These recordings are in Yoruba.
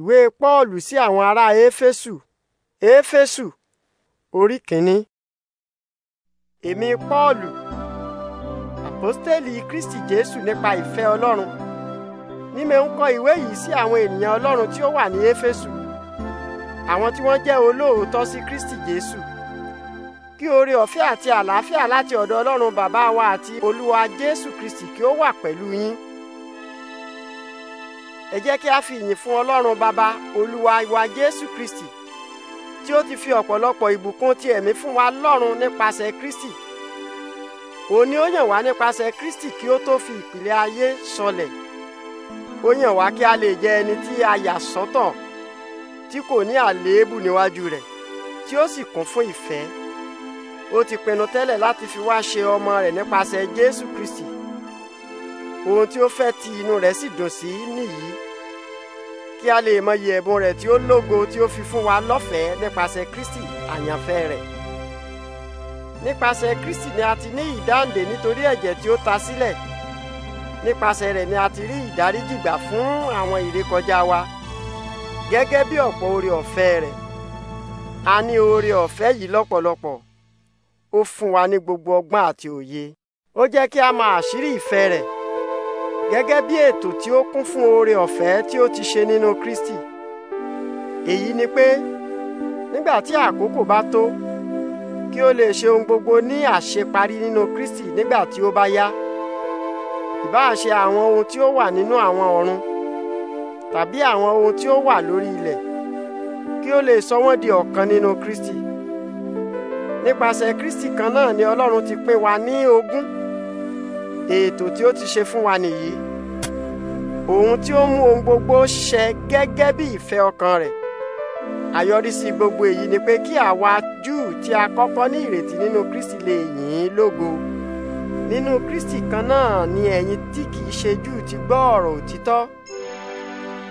ìwé Pọ́ọ̀lù sí àwọn ará Éfésù Éfésù orí kìíní. Èmi Pọ́ọ̀lù àpọ́stélì Kristi Jésù nípa ìfẹ́ Ọlọ́run ní mo ń kọ ìwé yìí sí àwọn ènìyàn Ọlọ́run tí ó wà ní Éfésù àwọn tí wọ́n jẹ́ olóòótọ́ sí Kristi Jésù kí oore ọ̀fẹ́ àti àlàáfíà láti ọ̀dọ̀ Ọlọ́run bàbá wa àti Olúwa Jésù Kristi kí ó wà pẹ̀lú yín ẹ jẹ́ kí a fi ìyìn fún ọlọ́run Baba, olúwa wa jésù kristi tí ó ti fi ọ̀pọ̀lọpọ̀ ìbùkún ti ẹ̀mí fún wa lọ́run nípasẹ̀ kristi òun ni ó yàn wá nípasẹ̀ kristi kí ó tó fi ìpìlẹ̀ ayé sọlẹ̀ ó yàn wá kí a lè jẹ ẹni tí a yà sọ́tọ̀ tí kò ní àléébù níwájú rẹ̀ tí ó sì kún fún ìfẹ́ ó ti pinnu tẹ́lẹ̀ láti fi wá ṣe ọmọ rẹ̀ nípasẹ̀ jésù kristi ohun tí ó fẹ́ tí inú rẹ̀ sì dùn sí nìyí kí a lè mọyì ẹ̀bùn rẹ̀ tí ó lógo tí ó fi fún wa lọ́fẹ̀ẹ́ nípasẹ̀ Kristi àyànfẹ́ rẹ̀ nípasẹ̀ Kristi ni a ti ní ìdáǹdè nítorí ẹ̀jẹ̀ tí ó ta sílẹ̀ nípasẹ̀ rẹ̀ ni a ti rí ìdáríjì gbà fún àwọn ìrékọjá wa gẹ́gẹ́ bí ọ̀pọ̀ oore ọ̀fẹ́ rẹ̀ a ní oore ọ̀fẹ́ yìí lọ́pọ̀lọpọ̀ ó fún wa ní gbogbo ọgbọ́n àti òye ó jẹ́ kí a mọ àṣírí ìfẹ́ rẹ̀ gẹ́gẹ́ bí ètò tí ó kún fún oore ọ̀fẹ́ tí ó ti ṣe nínú Kristi èyí ni pé nígbà tí àkókò bá tó kí ó lè ṣe ohun gbogbo ní àṣeparí nínú Kristi nígbà tí ó bá yá ìbáà ṣe àwọn ohun tí ó wà nínú àwọn ọ̀run tàbí àwọn ohun tí ó wà lórí ilẹ̀ kí ó lè sọ wọ́n di ọ̀kan nínú Kristi nípasẹ̀ Kristi kan náà ni Ọlọ́run ti pín wa ní ogún ètò tí ó ti ṣe fún wa nìyí òun tí ó mú ohun gbogbo ṣẹ gẹ́gẹ́ bí ìfẹ́ ọkàn rẹ̀ àyọrísí gbogbo èyí ni pé kí àwa Júù tí a kọ́kọ́ ní ìrètí nínú Kristi lè yìn ín lógo nínú Kristi kan náà ni ẹ̀yin tí kìí ṣe Júù ti gbọ́ ọ̀rọ̀ òtítọ́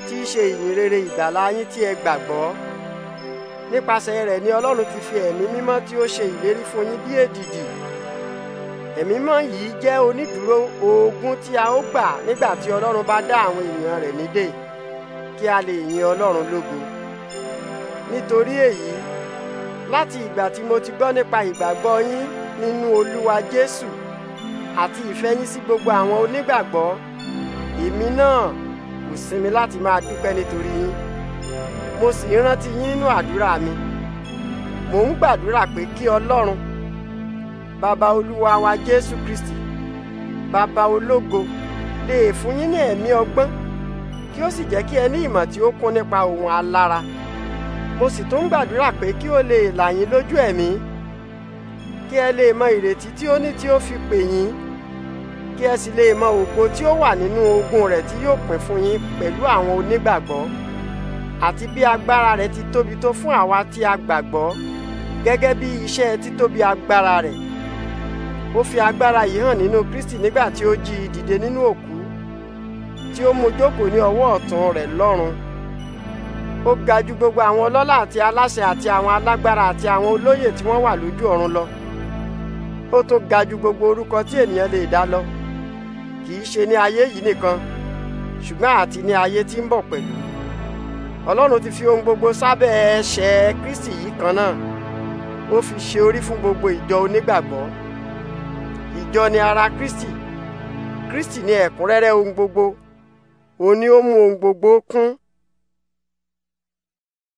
tí í ṣe ìyìnrere ìgbàlà tí ẹ gbàgbọ́ nípasẹ̀ rẹ̀ ni Ọlọ́run ti fi ẹ̀mí mímọ́ tí ó ṣe ìlérí fún yín bí èdìdì ẹ̀mí mọ́ yìí jẹ́ onídùúró oògùn tí a ó gbà nígbà tí ọlọ́run bá dá àwọn ènìyàn rẹ̀ nídè kí a lè yin ọlọ́run lógo nítorí èyí láti ìgbà tí mo ti gbọ́ nípa ìgbàgbọ́ yín nínú olúwa jésù àti ìfẹ́ yín sí gbogbo àwọn onígbàgbọ́ èmi náà kò sinmi láti máa dúpẹ́ nítorí yín mo sì ń rántí yín nínú àdúrà mi mò ń gbàdúrà pé kí ọlọ́run Baba olúwa wa jésù kristi bàbá ológo lè fún yín ní ẹ̀mí ọgbọ́n kí ó sì jẹ́ kí ẹ ní ìmọ̀ tí ó kún nípa ohun alára mo sì tún gbàdúrà pé kí ó lè là yín lójú ẹ̀mí kí ẹ lè mọ ìrètí tí ó ní tí ó fi pè yín kí ẹ sì lè mọ ògo tí ó wà nínú ogun rẹ̀ tí yóò pín fún yín pẹ̀lú àwọn onígbàgbọ́ àti bí agbára rẹ̀ ti tóbi tó fún àwa tí a gbàgbọ́ gẹ́gẹ́ bí iṣẹ́ títóbi agbára rẹ̀ ó fi agbára yìí hàn nínú Kristi nígbà tí ó jí i dìde nínú òkú tí ó mú jókòó ní ọwọ́ ọ̀tún rẹ̀ lọ́run ó ga ju gbogbo àwọn ọlọ́lá àti aláṣẹ àti àwọn alágbára àti àwọn olóyè tí wọ́n wà lójú ọ̀run lọ ó tún ga ju gbogbo orúkọ tí ènìyàn lè dá lọ kì í ṣe ní ayé yìí nìkan ṣùgbọ́n àti ní ayé tí ń bọ̀ pẹ̀lú ọlọ́run ti fi ohun gbogbo sábẹ́ ẹsẹ̀ Kristi yìí kan náà ó fi ṣe orí fún gbogbo ìjọ onígbàgbọ́ ìjọ ni ara Kristi Kristi ni ẹ̀kúnrẹ́rẹ́ ohun gbogbo òun ni ó mú ohun gbogbo kún